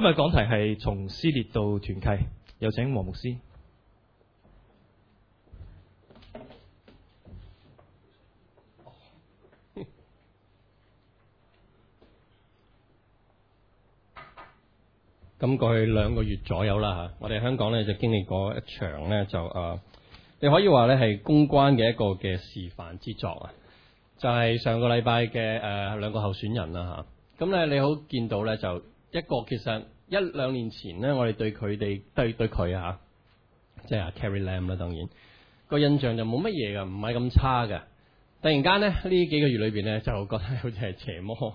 今日講題係從撕裂到團契，有請黃牧師。咁 過去兩個月左右啦嚇，我哋香港呢就經歷過一場呢，就誒、呃，你可以話呢係公關嘅一個嘅示範之作啊，就係、是、上個禮拜嘅誒兩個候選人啦吓，咁、啊、咧你好見到呢就。一個其實一兩年前咧，我哋對佢哋對對佢嚇，即係啊，Carrie Lam 啦，當然個印象就冇乜嘢嘅，唔係咁差嘅。突然間咧，呢幾個月裏邊咧，就覺得好似係邪魔或者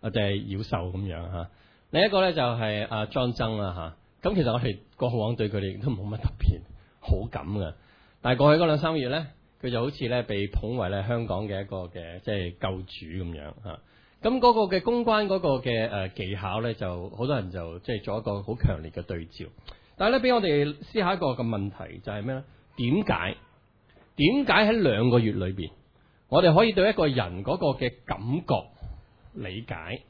啊，定係妖獸咁樣嚇。另一個咧就係阿張紳啦嚇，咁、啊、其實我哋過往對佢哋都冇乜特別好感嘅，但係過去嗰兩三月咧，佢就好似咧被捧為咧香港嘅一個嘅即係救主咁樣嚇。啊咁嗰個嘅公關嗰個嘅誒技巧呢，就好多人就即係做一個好強烈嘅對照。但係咧，俾我哋思考一個嘅問題就係、是、咩呢？點解點解喺兩個月裏邊，我哋可以對一個人嗰個嘅感覺、理解、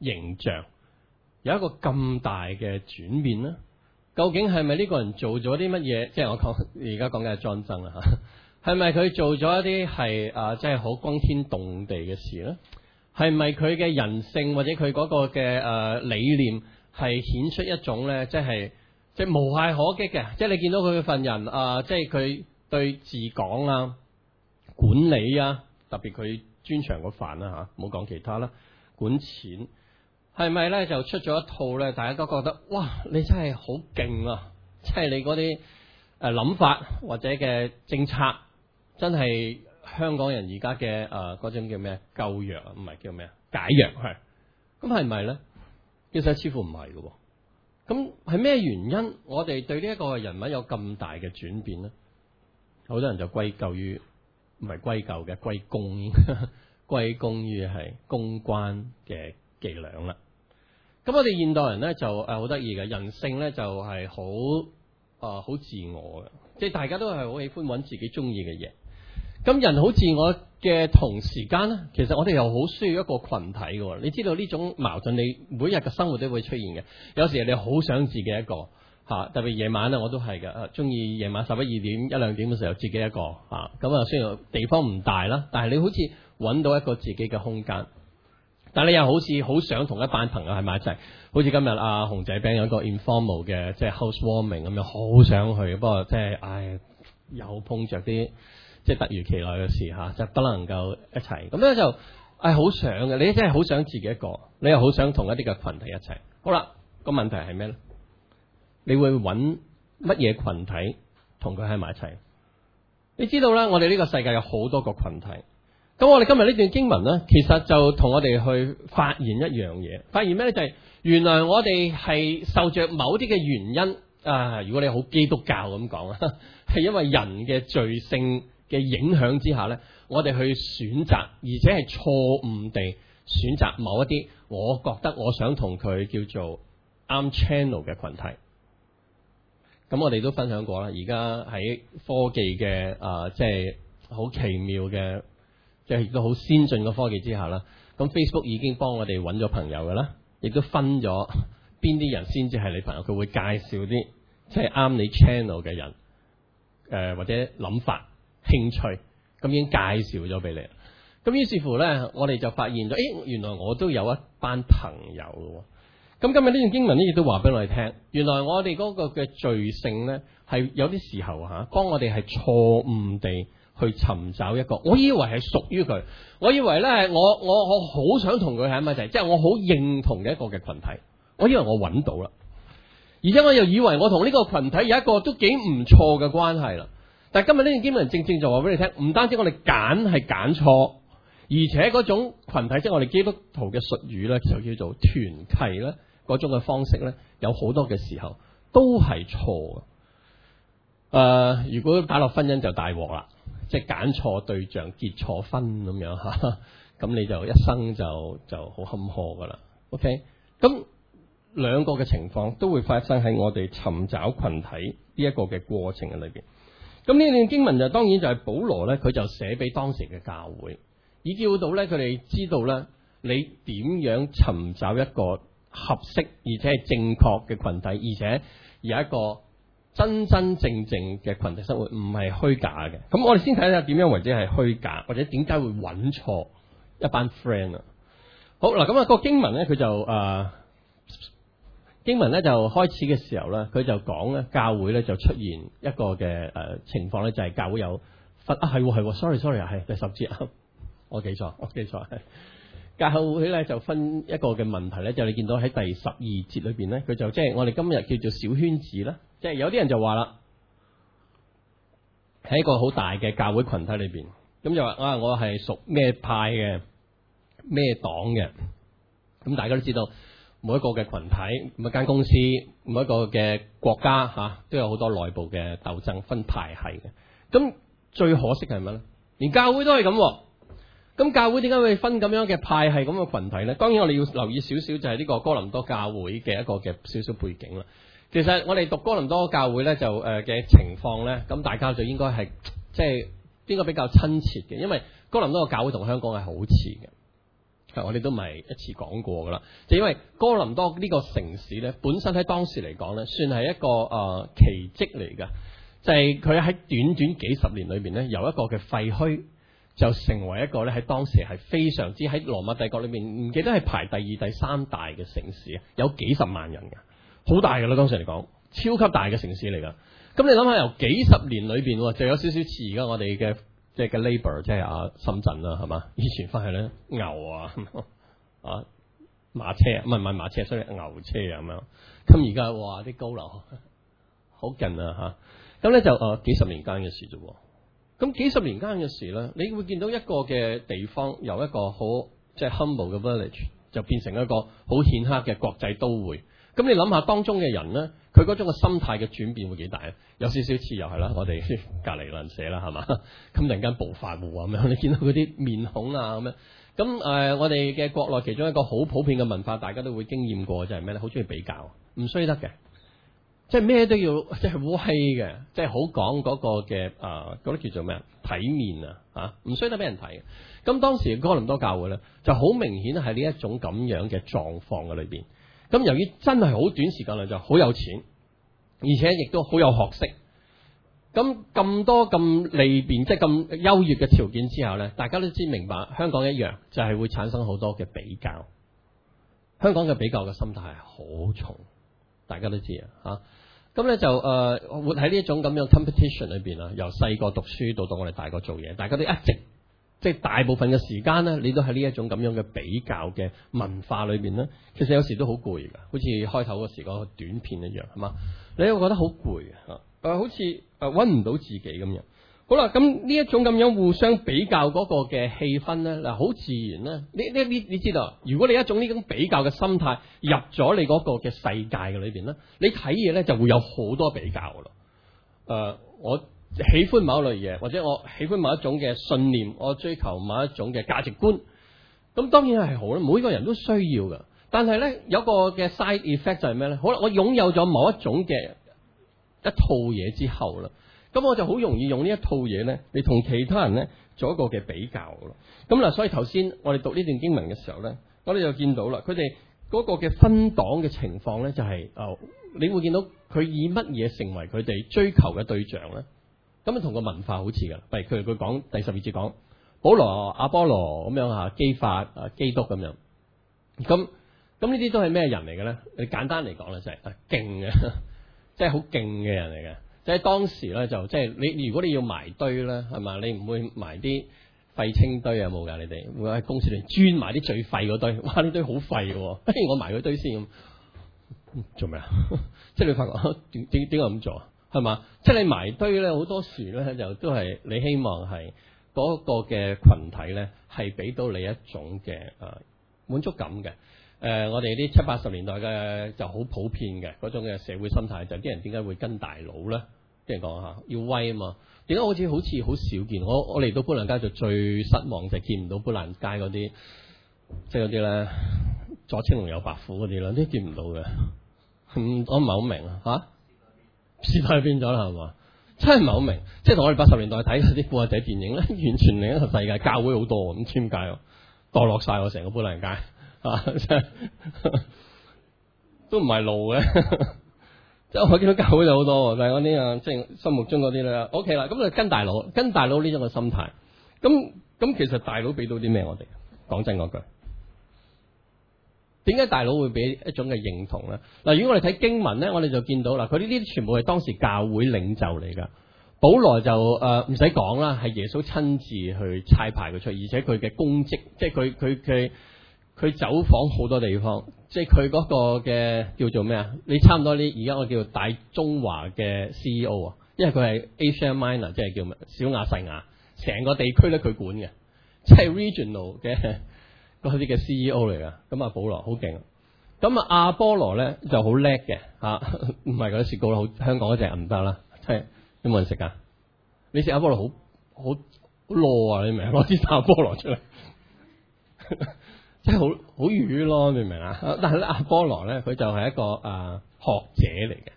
形象有一個咁大嘅轉變呢？究竟係咪呢個人做咗啲乜嘢？即係我講而家講緊係莊臣啊，係咪佢做咗一啲係啊，即係好光天動地嘅事呢？係咪佢嘅人性或者佢嗰個嘅誒、呃、理念係顯出一種咧，即係即係無懈可擊嘅。即係你見到佢份人啊、呃，即係佢對治港啊、管理啊，特別佢專長個飯啦、啊、嚇，冇、啊、講其他啦，管錢係咪咧就出咗一套咧？大家都覺得哇，你真係好勁啊！即係你嗰啲誒諗法或者嘅政策真係。香港人而家嘅誒嗰種叫咩救藥啊？唔係叫咩解藥係，咁係咪咧？其實似乎唔係嘅喎。咁係咩原因，我哋對呢一個人物有咁大嘅轉變咧？好多人就歸咎於，唔係歸咎嘅歸功，歸 功於係公關嘅伎倆啦。咁我哋現代人咧就誒好得意嘅人性咧就係好誒好自我嘅，即係大家都係好喜歡揾自己中意嘅嘢。咁人好自我嘅同時間咧，其實我哋又好需要一個群體嘅。你知道呢種矛盾，你每日嘅生活都會出現嘅。有時你好想自己一個嚇，特別夜晚咧，我都係嘅。誒，鍾意夜晚十一二點一兩點嘅時候自己一個嚇。咁、嗯、啊，雖然地方唔大啦，但係你好似揾到一個自己嘅空間。但係你又好似好想同一班朋友喺埋一齊。就是、好似今日阿、啊、紅仔餅有一個 informal 嘅，即、就、係、是、housewarming 咁樣，好想去。不過即係，唉、哎。又碰着啲即係突如其來嘅事吓，就不能夠一齊咁咧。就係哎、好想嘅，你真係好想自己一個，你又好想同一啲嘅群體一齊。好啦，個問題係咩咧？你會揾乜嘢群體同佢喺埋一齊？你知道啦，我哋呢個世界有好多個群體。咁我哋今日呢段經文咧，其實就同我哋去發現一樣嘢，發現咩咧？就係、是、原來我哋係受着某啲嘅原因。啊！如果你好基督教咁講啊，係 因為人嘅罪性嘅影響之下呢，我哋去選擇，而且係錯誤地選擇某一啲，我覺得我想同佢叫做啱 channel 嘅群體。咁我哋都分享過啦，而家喺科技嘅啊，即係好奇妙嘅，即係亦都好先進嘅科技之下啦。咁 Facebook 已經幫我哋揾咗朋友㗎啦，亦都分咗。邊啲人先至係你朋友？佢會介紹啲即係啱你 channel 嘅人，誒、呃、或者諗法、興趣，咁已經介紹咗俾你。咁於是乎呢，我哋就發現咗，誒、哎，原來我都有一班朋友。咁今日呢段經文呢，亦都話俾我哋聽，原來我哋嗰個嘅罪性呢，係有啲時候吓、啊，當我哋係錯誤地去尋找一個，我以為係屬於佢，我以為呢，我我我好想同佢喺埋一齊，即係我好認同嘅一個嘅群體。我以為我揾到啦，而且我又以為我同呢個群體有一個都幾唔錯嘅關係啦。但係今日呢段經文正正就話俾你聽，唔單止我哋揀係揀錯，而且嗰種羣體，即係我哋基督徒嘅術語呢，就叫做團契呢。嗰種嘅方式呢，有好多嘅時候都係錯嘅。誒、呃，如果打落婚姻就大鑊啦，即係揀錯對象結錯婚咁樣嚇，咁你就一生就就好坎坷噶啦。OK，咁。兩個嘅情況都會發生喺我哋尋找群體呢一個嘅過程嘅裏邊。咁呢段經文就當然就係保羅呢，佢就寫俾當時嘅教會，以至到呢佢哋知道呢你點樣尋找一個合適而且係正確嘅群體，而且有一個真真正正嘅群體生活，唔係虛假嘅。咁我哋先睇下點樣為止係虛假，或者點解會揾錯一班 friend 啊？好嗱、咁、那、啊個經文呢，佢就誒。呃經文咧就開始嘅時候咧，佢就講咧，教會咧就出現一個嘅誒、呃、情況咧，就係教會有分啊，係喎，係喎，sorry sorry，係第十節，我記錯，我記錯。教會咧就分一個嘅問題咧，就你見到喺第十二節裏邊咧，佢就即係我哋今日叫做小圈子啦，即係有啲人就話啦，喺一個好大嘅教會群體裏邊，咁就話啊，我係屬咩派嘅，咩黨嘅，咁大家都知道。每一個嘅群體，每一間公司，每一個嘅國家嚇、啊，都有好多內部嘅鬥爭分，分派系嘅。咁最可惜係乜咧？連教會都係咁、啊。咁教會點解會分咁樣嘅派系咁嘅群體咧？當然我哋要留意少少，就係呢個哥林多教會嘅一個嘅少少背景啦。其實我哋讀哥林多教會咧，就誒嘅、呃、情況咧，咁大家就應該係即係邊個比較親切嘅？因為哥林多嘅教會同香港係好似嘅。我哋都唔係一次講過噶啦。就因為哥林多呢個城市呢，本身喺當時嚟講咧，算係一個誒、呃、奇蹟嚟㗎。就係佢喺短短幾十年裏邊呢，由一個嘅廢墟就成為一個呢，喺當時係非常之喺羅馬帝國裏面唔記得係排第二第三大嘅城市，有幾十萬人㗎，好大㗎啦！當時嚟講，超級大嘅城市嚟㗎。咁你諗下，由幾十年裏邊、哦、就有少少似而家我哋嘅。即係個 labour，即係啊深圳啦，係嘛？以前翻去咧牛，啊，sorry, 牛啊，啊馬車，唔係唔係馬車，所以牛車咁樣。咁而家哇啲高樓好近啊嚇！咁咧就誒幾十年間嘅事啫喎。咁幾十年間嘅事咧，你會見到一個嘅地方由一個好即係、就是、humble 嘅 village 就變成一個好顯赫嘅國際都會。咁你諗下當中嘅人呢，佢嗰種嘅心態嘅轉變會幾大咧？有少少似又係啦，我哋隔籬鄰舍啦，係嘛？咁 突然間暴發戶咁樣， 你見到嗰啲面孔啊咁樣。咁 誒、呃，我哋嘅國內其中一個好普遍嘅文化，大家都會經驗過，就係咩咧？好中意比較，唔衰得嘅，即係咩都要，即係威嘅，即係好講嗰個嘅誒，嗰、啊、啲、那個、叫做咩啊？體面啊，吓唔衰得俾人睇。咁當時嘅哥林多教會呢，就好明顯係呢一種咁樣嘅狀況嘅裏邊。咁由於真係好短時間啦，就好有錢，而且亦都好有學識。咁咁多咁利便即係咁優越嘅條件之後咧，大家都知明白，香港一樣就係會產生好多嘅比較。香港嘅比較嘅心態係好重，大家都知啊嚇。咁呢就誒活喺呢種咁樣 competition 裏邊啊，由細個讀書到到我哋大個做嘢，大家都一直。即係大部分嘅時間咧，你都喺呢一種咁樣嘅比較嘅文化裏邊咧，其實有時都好攰㗎，好似開頭嗰時個短片一樣，係嘛？你會覺得好攰啊！誒，好似誒搵唔到自己咁樣。好啦，咁呢一種咁樣互相比較嗰個嘅氣氛咧，嗱、啊，好自然咧。你你你你知道，如果你一種呢種比較嘅心態入咗你嗰個嘅世界嘅裏邊咧，你睇嘢咧就會有好多比較嘅咯。誒、啊，我。喜歡某類嘢，或者我喜歡某一種嘅信念，我追求某一種嘅價值觀。咁當然係好啦，每個人都需要噶。但係呢，有個嘅 side effect 就係咩呢？好啦，我擁有咗某一種嘅一套嘢之後啦，咁我就好容易用呢一套嘢呢，嚟同其他人呢做一個嘅比較咯。咁嗱，所以頭先我哋讀呢段經文嘅時候呢，我哋就見到啦，佢哋嗰個嘅分黨嘅情況呢，就係哦，你會見到佢以乜嘢成為佢哋追求嘅對象呢？咁啊，同個文化好似噶，例如佢佢講第十二節講保羅、亞波羅咁樣吓，磯法啊、基督咁樣，咁咁呢啲都係咩人嚟嘅咧？你簡單嚟講咧就係勁嘅，即係好勁嘅人嚟嘅。即係當時咧就即係你如果你要埋堆咧係嘛，你唔會埋啲廢青堆有冇噶？你哋會喺公司度專埋啲最廢嗰堆,埋堆，哇！呢堆好廢，不如我埋嗰堆先咁。做咩啊？即係你發覺點點點解咁做啊？係嘛？即係你埋堆咧，好多時咧，就都係你希望係嗰個嘅群體咧，係俾到你一種嘅誒滿足感嘅。誒、呃，我哋啲七八十年代嘅就好普遍嘅嗰種嘅社會心態，就啲、是、人點解會跟大佬咧？跟人講下，要威啊嘛？點解好似好似好少見？我我嚟到砵蘭街就最失望就係見唔到砵蘭街嗰啲，即係嗰啲咧，左青龍右白虎嗰啲啦，都見唔到嘅、嗯。我唔係好明啊，吓。時代變咗啦，係嘛？真係唔係好明，即係同我哋八十年代睇嗰啲古惑仔電影咧，完全另一個世界。教會好多咁，點解墮落晒我成個砵蘭街啊？呵呵都唔係路嘅，即係我見到教會有好多，但係嗰啲啊，即係心目中嗰啲咧。OK 啦，咁就跟大佬，跟大佬呢種嘅心態。咁咁其實大佬俾到啲咩我哋？講真嗰句。點解大佬會俾一種嘅認同咧？嗱，如果我哋睇經文咧，我哋就見到啦，佢呢啲全部係當時教會領袖嚟噶。保羅就誒唔使講啦，係、呃、耶穌親自去差派佢出，而且佢嘅功績，即係佢佢佢佢走訪好多地方，即係佢嗰個嘅叫做咩啊？你差唔多啲而家我叫做大中華嘅 CEO 啊，因為佢係 Asia Minor，即係叫小亞細亞，成個地區咧佢管嘅，即係 regional 嘅。嗰啲嘅 CEO 嚟噶，咁阿保羅好勁，咁啊阿波羅咧就好叻嘅吓，唔係嗰啲雪糕啦，香港嗰隻唔得啦，即係有冇人食啊？你食阿、啊、波羅好好好攞啊？你明攞支大波羅出嚟，即係好好愚咯，啊、你明唔明啊？但係咧阿波羅咧，佢就係一個啊學者嚟嘅。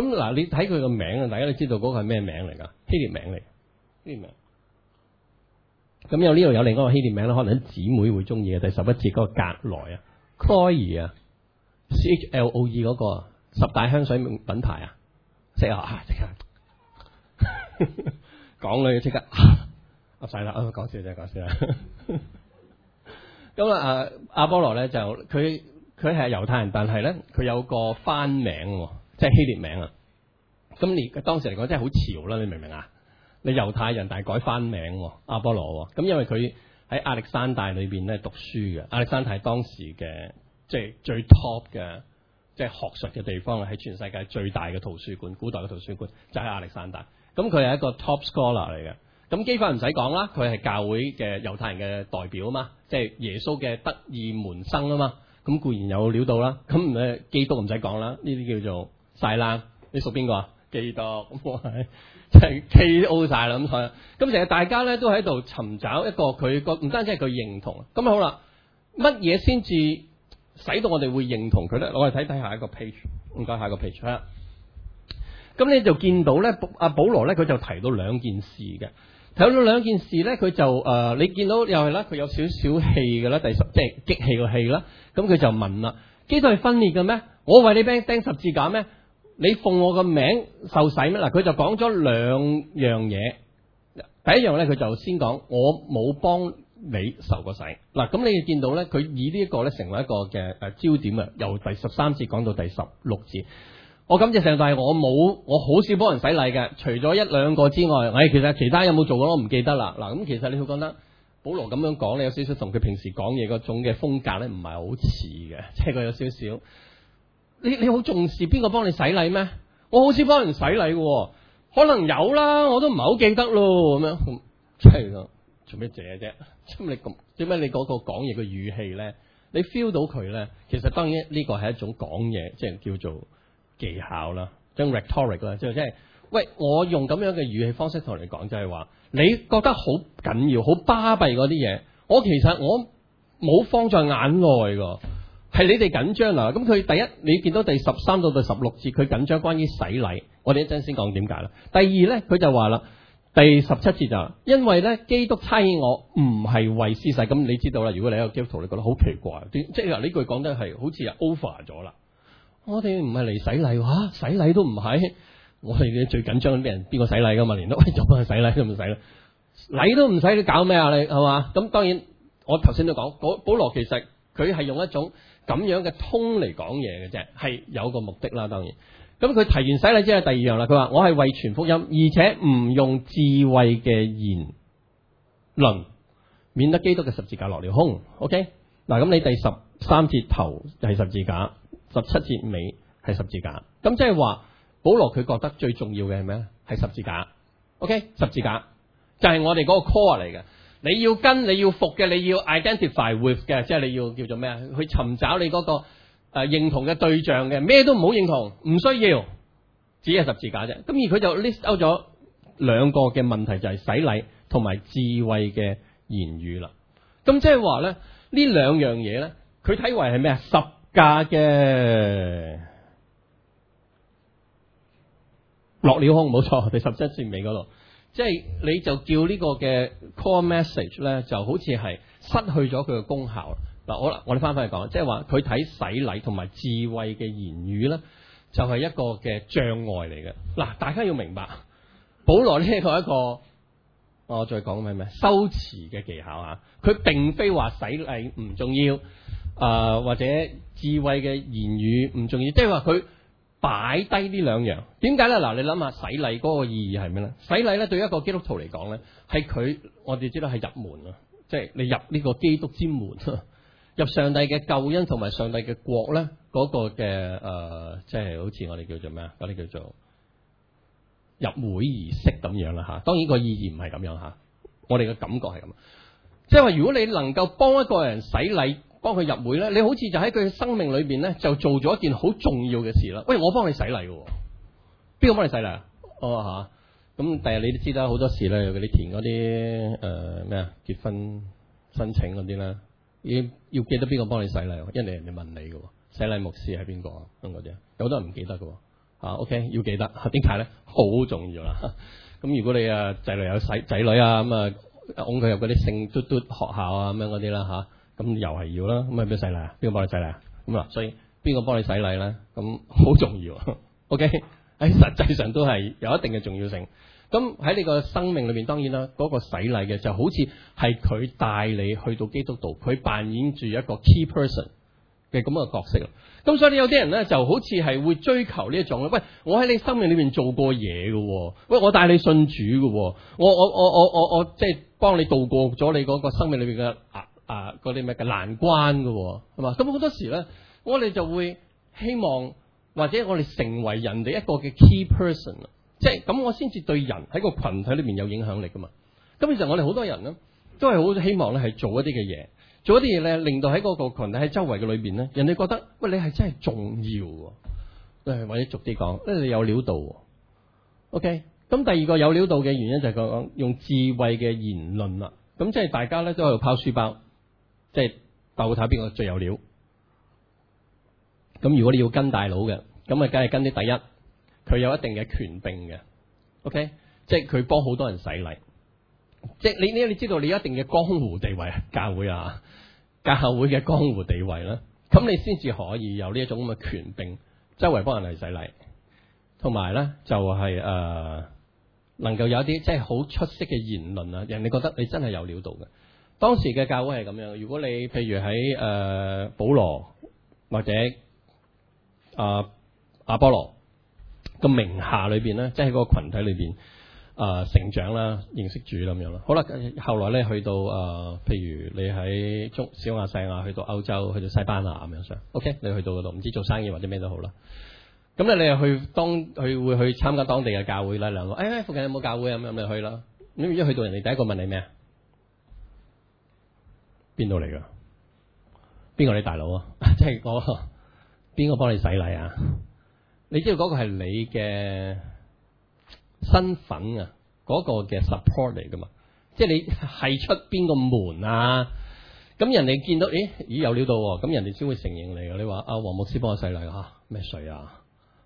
咁嗱、啊，你睇佢個名啊，大家都知道嗰個係咩名嚟㗎？希臘名嚟，希臘名。咁有呢度有另一個希臘名咧，可能啲姊妹會中意嘅。第十一節嗰個格萊啊 Chloe 啊，C H L O E 嗰個十大香水品牌啊，識啊，識啊，講啦，即刻噏曬啦，講笑真啫，講笑啦。咁啊，阿波羅咧就佢佢係猶太人，但係咧佢有個翻名，即係希臘名啊。咁你佢當時嚟講真係好潮啦，你明唔明啊？你猶太人，大改翻名阿波羅咁，因為佢喺亞歷山大裏邊咧讀書嘅。亞歷山大係當時嘅即係最 top 嘅，即係學術嘅地方啦，係全世界最大嘅圖書館，古代嘅圖書館就喺亞歷山大。咁佢係一個 top scholar 嚟嘅。咁磯法唔使講啦，佢係教會嘅猶太人嘅代表啊嘛，即係耶穌嘅得意門生啊嘛。咁固然有料到啦。咁誒，基督唔使講啦，呢啲叫做晒爛。你屬邊個啊？基督 K O 晒啦，咁所以咁成日大家咧都喺度尋找一個，佢覺唔單止係佢認同。咁好啦，乜嘢先至使到我哋會認同佢咧？我哋睇睇下一個 page，唔該下一個 page 啦。咁你就見到咧阿、啊、保羅咧，佢就提到兩件事嘅，提到兩件事咧佢就誒、呃、你見到又係啦，佢有少少氣嘅啦，第十即係激氣個氣啦，咁佢就問啦，基督係分裂嘅咩？我為你 bangs 釘十字架咩？你奉我個名受洗咩？嗱，佢就講咗兩樣嘢。第一樣呢，佢就先講我冇幫你受過洗。嗱，咁你見到呢，佢以呢一個呢成為一個嘅、呃、焦點啊。由第十三節講到第十六節，我感謝上帝，我冇，我好少幫人洗禮嘅，除咗一兩個之外，誒、哎，其實其他有冇做過我唔記得啦。嗱，咁其實你會覺得保羅咁樣講呢，有少少同佢平時講嘢嗰種嘅風格呢，唔係好似嘅，即係佢有少少。你你好重視邊個幫你洗禮咩？我好少幫人洗禮嘅、哦，可能有啦，我都唔係好記得咯。咁、嗯、樣，係、就、咯、是，做咩者啫？咁你咁，做咩你嗰個講嘢嘅語氣咧？你 feel 到佢咧？其實當然呢個係一種講嘢，即係叫做技巧啦，將 rhetoric 啦，即係即係，喂！我用咁樣嘅語氣方式同你講，就係、是、話，你覺得好緊要、好巴閉嗰啲嘢，我其實我冇放在眼內㗎。係你哋緊張啦，咁佢第一，你見到第十三到第十六節，佢緊張關於洗禮，我哋一陣先講點解啦。第二呢，佢就話啦，第十七節就是、因為呢，基督差我唔係為施洗。咁你知道啦，如果你係基督徒，你覺得好奇怪，即係呢句講得係好似係 over 咗啦。我哋唔係嚟洗禮，嚇、啊、洗禮都唔係，我哋最緊張邊人邊個洗禮噶嘛，連都喂就幫佢洗禮都唔使啦，禮都唔使，你搞咩啊？你係嘛？咁當然我頭先都講，保保羅其實佢係用一種。咁樣嘅通嚟講嘢嘅啫，係有個目的啦，當然。咁佢提完洗禮之後，第二樣啦，佢話我係為傳福音，而且唔用智慧嘅言論，免得基督嘅十字架落了空。OK，嗱，咁你第十三節頭係十字架，十七節尾係十字架，咁即係話保羅佢覺得最重要嘅係咩？係十字架。OK，十字架就係、是、我哋嗰個 core 嚟嘅。你要跟，你要服嘅，你要 identify with 嘅，即係你要叫做咩啊？去尋找你嗰、那個誒、呃、認同嘅對象嘅，咩都唔好認同，唔需要，只係十字架啫。咁而佢就 list out 咗兩個嘅問題，就係、是、洗禮同埋智慧嘅言語啦。咁即係話咧，呢兩樣嘢咧，佢睇為係咩啊？十架嘅，落了空，冇錯，第十七節尾嗰度。即係你就叫呢個嘅 call message 咧，就好似係失去咗佢嘅功效。嗱，好啦，我哋翻返嚟講，即係話佢睇洗禮同埋智慧嘅言語咧，就係、是、一個嘅障礙嚟嘅。嗱，大家要明白，保羅呢個係一個，我再講咩咩，修辭嘅技巧啊，佢並非話洗禮唔重要，啊、呃、或者智慧嘅言語唔重要，即係話佢。擺低呢兩樣，點解咧？嗱，你諗下洗禮嗰個意義係咩咧？洗禮咧，對一個基督徒嚟講咧，係佢我哋知道係入門啊，即係你入呢個基督之門，入上帝嘅救恩同埋上帝嘅國咧，嗰個嘅誒，即係好似我哋叫做咩啊？啲叫做入會儀式咁樣啦吓。當然個意義唔係咁樣吓，我哋嘅感覺係咁，即係話如果你能夠幫一個人洗禮。幫佢入會咧，你好似就喺佢生命裏邊咧，就做咗一件好重要嘅事啦。喂，我幫你洗禮嘅，邊個幫你洗禮？哦、啊？哦吓！咁第日你都知啦，好多事咧，嗰啲填嗰啲誒咩啊結婚申請嗰啲啦，要要記得邊個幫你洗禮，因為人哋問你嘅，洗禮牧師係邊個啊？咁啲，仔，有好多人唔記得嘅吓 OK，要記得嚇，點解咧？好重要啦。咁、啊、如果你誒仔女有洗仔女啊，咁、嗯、啊，㧬佢入嗰啲聖嘟嘟學校啊，咁樣嗰啲啦嚇。啊咁又係要啦，咁係邊個洗禮啊？邊個幫你洗禮啊？咁啊，所以邊個幫你洗禮咧？咁好重要 ，OK？啊、哎、喺實際上都係有一定嘅重要性。咁喺你個生命裏面，當然啦，嗰、嗰個洗禮嘅就好似係佢帶你去到基督度，佢扮演住一個 key person 嘅咁嘅角色。咁所以你有啲人咧就好似係會追求呢一種，喂，我喺你生命裏面做過嘢嘅，喂，我帶你信主嘅，我我我我我我即係、就是、幫你度過咗你嗰個生命裏邊嘅啊～啊，嗰啲乜嘅難關嘅、哦，係嘛？咁好多時咧，我哋就會希望，或者我哋成為人哋一個嘅 key person 啦，即係咁，我先至對人喺個群體裏面有影響力嘅嘛。咁其實我哋好多人咧，都係好希望咧係做一啲嘅嘢，做一啲嘢咧，令到喺嗰個羣體喺周圍嘅裏邊咧，人哋覺得喂，你係真係重要、哦。誒、哎，或者逐啲講，因你有料到、哦。OK，咁第二個有料到嘅原因就係講用智慧嘅言論啦。咁即係大家咧都喺度拋書包。即係鬥睇邊個最有料。咁如果你要跟大佬嘅，咁啊梗係跟啲第一，佢有一定嘅權柄嘅。OK，即係佢幫好多人洗禮。即係你呢？你知道你一定嘅江湖地位，教會啊，教會嘅江湖地位啦，咁你先至可以有呢一種咁嘅權柄，周圍幫人嚟洗禮。同埋咧，就係、是、誒、呃，能夠有一啲即係好出色嘅言論啊，人哋你覺得你真係有料到嘅。當時嘅教會係咁樣，如果你譬如喺誒、呃、保羅或者啊亞、呃、波羅嘅名下裏邊咧，即係嗰個群體裏邊啊成長啦、認識主啦咁樣啦。好啦，後來咧去到啊、呃，譬如你喺中小亞細亞，去到歐洲，去到西班牙咁樣上。OK，你去到嗰度，唔知做生意或者咩都好啦。咁咧你又去當佢會去參加當地嘅教會啦。兩個，哎，哎，附近有冇教會啊？咁你去啦。咁一去到人哋第一個問你咩啊？邊度嚟噶？邊個你大佬啊？即、就、係、是、我邊個幫你洗禮啊？你知道嗰個係你嘅身份啊？嗰、那個嘅 support 嚟噶嘛？即係你係出邊個門啊？咁人哋見到，咦咦有料到，啊，咁人哋先會承認你噶。你話阿、啊、黃牧師幫我洗禮吓，咩水啊？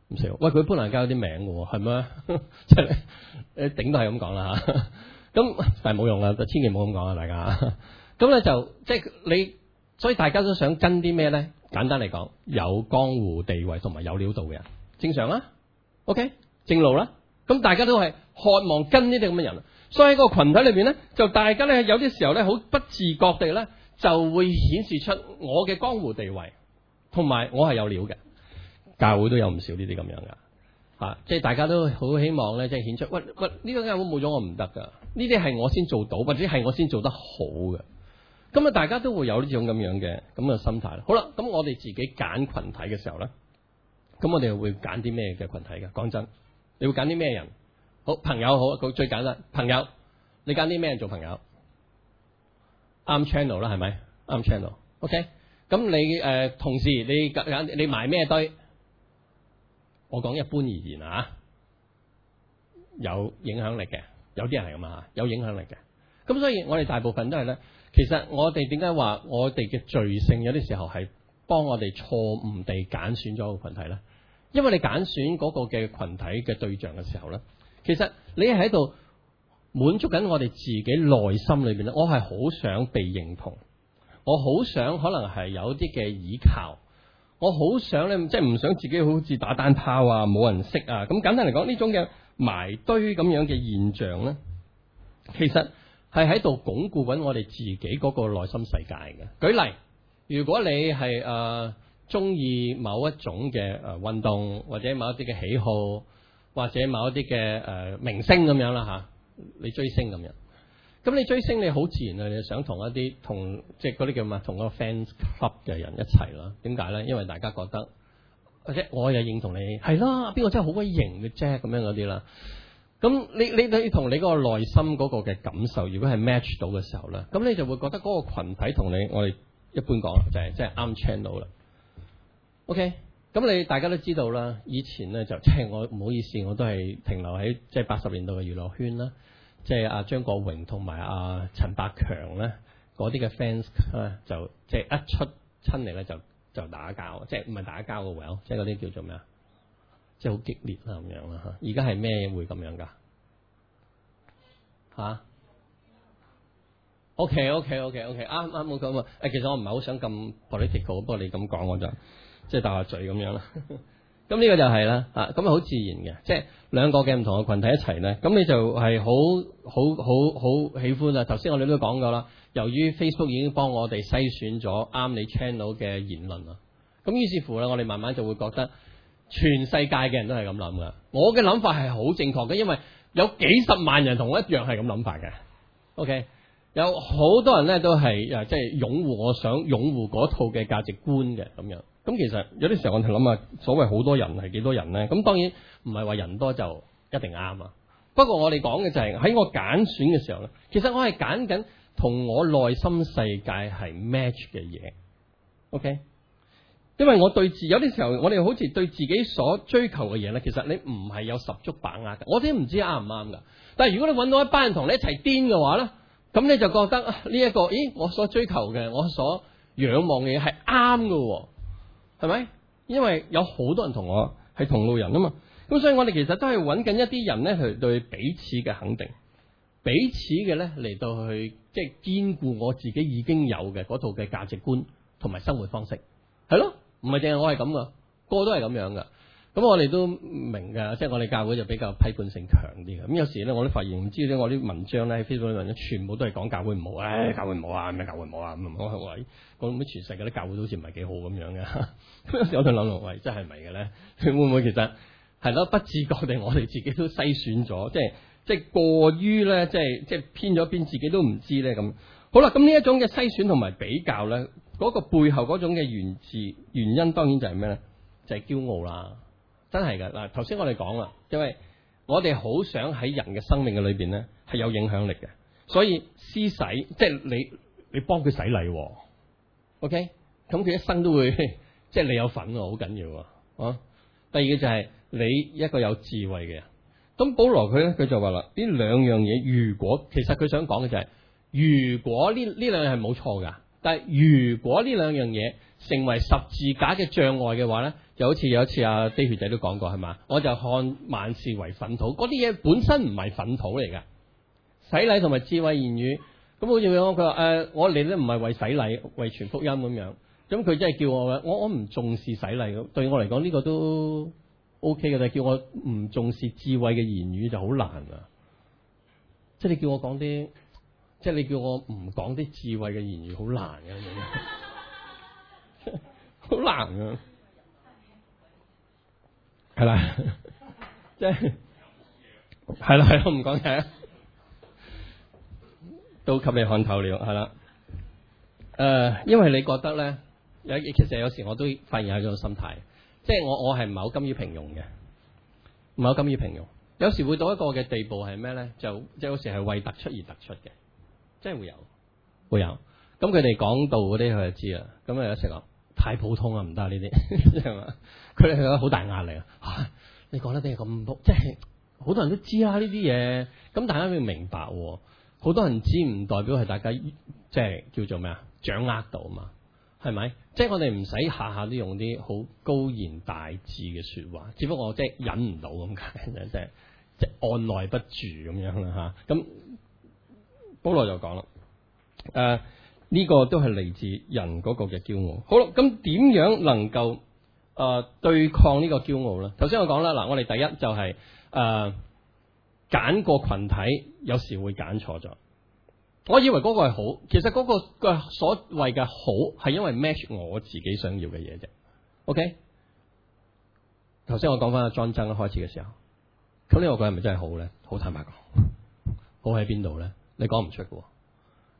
唔、啊、食、啊、喂，佢搬嚟交啲名噶喎，係咪即係誒，頂都係咁講啦吓。咁但係冇用啊， 啊 用千祈唔好咁講啊，大家。咁咧就即係你，所以大家都想跟啲咩咧？簡單嚟講，有江湖地位同埋有料到嘅人，正常啦。OK，正路啦。咁大家都係渴望跟呢啲咁嘅人，所以喺個群體裏邊咧，就大家咧有啲時候咧好不自覺地咧，就會顯示出我嘅江湖地位，同埋我係有料嘅。教會都有唔少呢啲咁樣噶，吓，即係大家都好希望咧，即係顯出，喂喂，呢個教會冇咗我唔得噶，呢啲係我先做到，或者係我先做得好嘅。咁啊，大家都會有呢種咁樣嘅咁嘅心態啦。好啦，咁我哋自己揀群體嘅時候咧，咁我哋會揀啲咩嘅群體嘅？講真，你會揀啲咩人？好朋友，好最簡單朋友。你揀啲咩人做朋友？啱 channel 啦，係咪啱 channel？OK。咁你誒同事，你揀你，你埋咩堆？我講一般而言啊，有影響力嘅，有啲人係咁啊，有影響力嘅。咁所以，我哋大部分都係咧。其實我哋點解話我哋嘅罪性有啲時候係幫我哋錯誤地揀選咗個群體呢？因為你揀選嗰個嘅群體嘅對象嘅時候呢，其實你喺度滿足緊我哋自己內心裏邊咧，我係好想被認同，我好想可能係有啲嘅倚靠，我好想咧，即係唔想自己好似打單炮啊，冇人識啊。咁簡單嚟講，呢種嘅埋堆咁樣嘅現象呢，其實。係喺度鞏固緊我哋自己嗰個內心世界嘅。舉例，如果你係誒中意某一種嘅誒運動，或者某一啲嘅喜好，或者某一啲嘅誒明星咁樣啦吓，啊，你追星咁樣。咁你追星你好自然啊，你想同一啲同即係嗰啲叫咩？同個 fans club 嘅人一齊啦。點解咧？因為大家覺得，或者我又認同你係啦，邊個真係好鬼型嘅啫，咁樣嗰啲啦。咁你你你同你個內心個嘅感受，如果係 match 到嘅時候咧，咁你就會覺得個群體同你，我哋一般講就係即係啱 channel 啦。OK，咁你大家都知道啦，以前咧就即係、就是、我唔好意思，我都係停留喺即係八十年代嘅娛樂圈啦，即係阿張國榮同埋阿陳百強咧啲嘅 fans 咧，就即、是、係、啊啊就是、一出親嚟咧就就打交，即係唔係打交嘅 well，即係啲叫做咩啊？即係好激烈啦，咁樣啦嚇！而家係咩會咁樣噶？吓？OK OK OK OK，啱啱好咁啊！誒，其實我唔係好想咁 political，不過你咁講，我就即係大下嘴咁樣啦。咁呢個就係啦嚇，咁好自然嘅，即係兩個嘅唔同嘅群體一齊咧，咁你就係好好好好喜歡啊！頭先我哋都講過啦，由於 Facebook 已經幫我哋篩選咗啱你 channel 嘅言論啦，咁於是乎咧，我哋慢慢就會覺得，全世界嘅人都係咁諗噶，我嘅諗法係好正確嘅，因為有幾十萬人同我一樣係咁諗法嘅。OK，有好多人咧都係誒，即係擁護我想擁護嗰套嘅價值觀嘅咁樣。咁其實有啲時候我哋諗下所謂好多人係幾多人咧？咁當然唔係話人多就一定啱啊。不過我哋講嘅就係喺我揀選嘅時候咧，其實我係揀緊同我內心世界係 match 嘅嘢。OK。因為我對自己有啲時候，我哋好似對自己所追求嘅嘢呢，其實你唔係有十足把握嘅。我哋唔知啱唔啱噶。但係如果你揾到一班人同你一齊癲嘅話呢，咁你就覺得呢一個、啊這個，咦，我所追求嘅，我所仰望嘅嘢係啱噶，係咪？因為有好多人同我係同路人啊嘛。咁所以我哋其實都係揾緊一啲人呢，去對彼此嘅肯定，彼此嘅呢，嚟到去即係堅固我自己已經有嘅嗰套嘅價值觀同埋生活方式，係咯。唔係淨係我係咁噶，個個都係咁樣噶。咁、嗯、我哋都明嘅，即係我哋教會就比較批判性強啲嘅。咁、嗯、有時咧，我都發現唔知咧、嗯，我啲文章咧喺 Facebook 裏面咧，全部都係講教會唔好，啊、欸，教會唔好啊，咩教會唔好啊。咁好係話，講乜全世界啲教會都好似唔係幾好咁樣嘅。有時我就諗啊，喂，真係唔係嘅咧？會唔會其實係咯？不自覺地，我哋自己都篩選咗，即係即係過於咧，即係即係偏咗，邊自己都唔知咧咁。好啦，咁、嗯、呢一種嘅篩選同埋比較咧。嗰個背後嗰種嘅源自原因，當然就係咩呢？就係、是、驕傲啦，真係噶。嗱，頭先我哋講啦，因、就、為、是、我哋好想喺人嘅生命嘅裏邊呢係有影響力嘅，所以施洗即係、就是、你你幫佢洗禮、哦、OK？咁佢一生都會即係、就是、你有份、啊，好緊要啊，啊。第二個就係、是、你一個有智慧嘅人。咁保羅佢呢，佢就話啦：，呢兩樣嘢、就是，如果其實佢想講嘅就係，如果呢呢兩樣係冇錯噶。但係如果呢兩樣嘢成為十字架嘅障礙嘅話呢，就好似有一次阿、啊、低血仔都講過係嘛，我就看萬事為糞土，嗰啲嘢本身唔係糞土嚟㗎，洗禮同埋智慧言語，咁好似佢講，佢話誒我嚟都唔係為洗禮，為傳福音咁樣，咁佢真係叫我我我唔重視洗禮，對我嚟講呢個都 O K 嘅，但叫我唔重視智慧嘅言語就好難啊，即係你叫我講啲。即係你叫我唔講啲智慧嘅言語，好難嘅，好難啊，係啦，即係，係咯係咯，唔講嘢，都給你看透了，係啦。誒、呃，因為你覺得咧，有其實有時我都發現一種心態，即係我我係唔係好甘於平庸嘅，唔係好甘於平庸，有時會到一個嘅地步係咩咧？就即係、就是、有時係為突出而突出嘅。即係會有，會有。咁佢哋講到嗰啲，佢就知啊。咁有時講太普通啊，唔得呢啲，係 嘛？佢哋有好大壓力啊。你講得啲咁樸，即係好多人都知啊呢啲嘢。咁大家要明白，啊，好多人知唔代表係大家即係叫做咩啊？掌握到嘛？係咪？即係我哋唔使下下都用啲好高言大智嘅說話，只不過我即係忍唔到咁解啫，即係按捺不住咁樣啦吓。咁、啊。保羅就講啦，誒、呃、呢、這個都係嚟自人嗰個嘅驕傲。好啦，咁點樣能夠誒、呃、對抗個驕呢個驕傲咧？頭先我講啦，嗱，我哋第一就係誒揀個群體，有時會揀錯咗。我以為嗰個係好，其實嗰個個所謂嘅好，係因為 match 我自己想要嘅嘢啫。OK，頭先我講翻阿莊真開始嘅時候，咁呢個佢係咪真係好咧？好坦白講，好喺邊度咧？你講唔出嘅喎，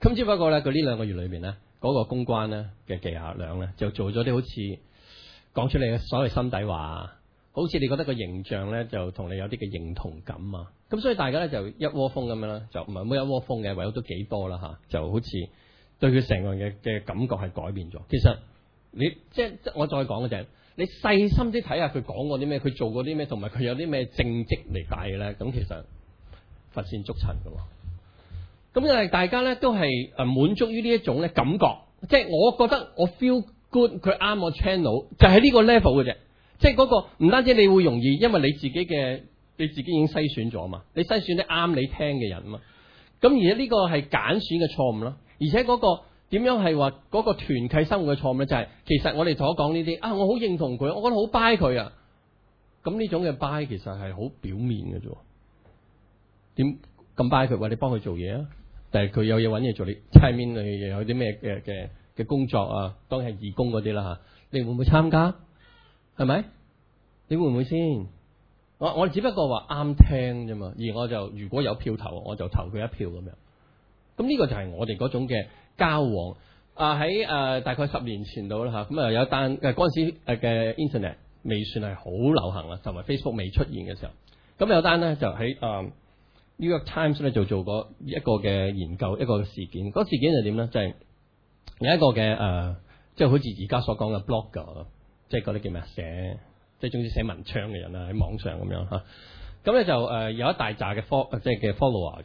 咁只不過咧，佢呢兩個月裏面咧，嗰、那個公關咧嘅技巧量咧，就做咗啲好似講出你嘅所謂心底話，好似你覺得個形象咧就同你有啲嘅認同感啊。咁所以大家咧就一窩蜂咁樣啦，就唔係每一窩蜂嘅，唯有都幾多啦嚇，就好似對佢成個人嘅嘅感覺係改變咗。其實你即係、就是、我再講嘅就係、是、你細心啲睇下佢講過啲咩，佢做過啲咩，同埋佢有啲咩政績嚟帶嘅咧。咁其實乏善足陳嘅喎。咁誒，大家咧都係誒滿足於呢一種咧感覺，即係我覺得我 feel good，佢啱我 channel，就喺呢個 level 嘅啫。即係嗰個唔單止你會容易，因為你自己嘅你自己已經篩選咗嘛，你篩選得啱你聽嘅人嘛。咁而家呢個係揀選嘅錯誤囉，而且嗰個點樣係話嗰個團契生活嘅錯誤咧、就是，就係其實我哋所講呢啲啊，我好認同佢，我覺得好 buy 佢啊。咁呢種嘅 buy 其實係好表面嘅啫。點咁 buy 佢話你幫佢做嘢啊？但係佢有嘢揾嘢做你，你下面嘅嘢有啲咩嘅嘅嘅工作啊？當然係義工嗰啲啦嚇，你會唔會參加？係咪？你會唔會先？我我只不過話啱聽啫嘛，而我就如果有票投，我就投佢一票咁樣。咁呢個就係我哋嗰種嘅交往啊！喺誒、啊、大概十年前度啦嚇，咁啊，啊有一單，誒嗰陣時誒嘅 Internet 未算係好流行啊，同埋 Facebook 未出現嘅時候，咁有單咧就喺誒。啊 New York Times 咧就做過一個嘅研究，一個事，那個事件，嗰事件就點咧？就係、是、有一個嘅誒，即、呃、係、就是、好似而家所講嘅 blogger，即係嗰啲叫咩寫，即係總之寫文章嘅人啊，喺網上咁樣嚇。咁咧就誒有一大扎嘅 fol 即係嘅 follower 嘅。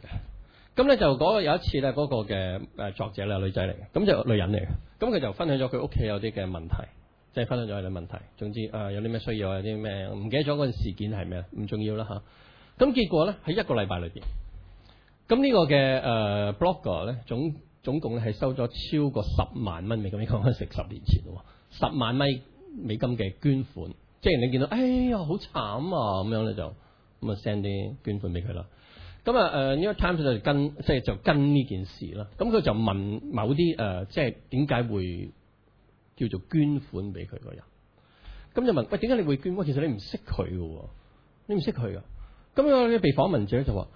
咁咧就嗰有一次咧，嗰個嘅誒作者咧女仔嚟嘅，咁就女人嚟嘅。咁佢就分享咗佢屋企有啲嘅問題，即、就、係、是、分享咗佢啲問題，總之誒、呃、有啲咩需要啊，有啲咩唔記得咗嗰事件係咩？唔重要啦嚇。啊咁結果咧喺一個禮拜裏邊，咁、這個呃 er、呢個嘅誒 blogger 咧總總共咧係收咗超過十萬蚊美金，講緊食十年前咯，十萬蚊美金嘅捐款，即係你見到哎呀好慘啊咁樣咧就咁啊 send 啲捐款俾佢啦。咁啊誒，呢、呃、個 Times 就跟即係就是、跟呢件事啦。咁佢就問某啲誒、呃、即係點解會叫做捐款俾佢個人？咁就問喂，點解你會捐款？其實你唔識佢嘅，你唔識佢噶。咁有啲被訪問者就話：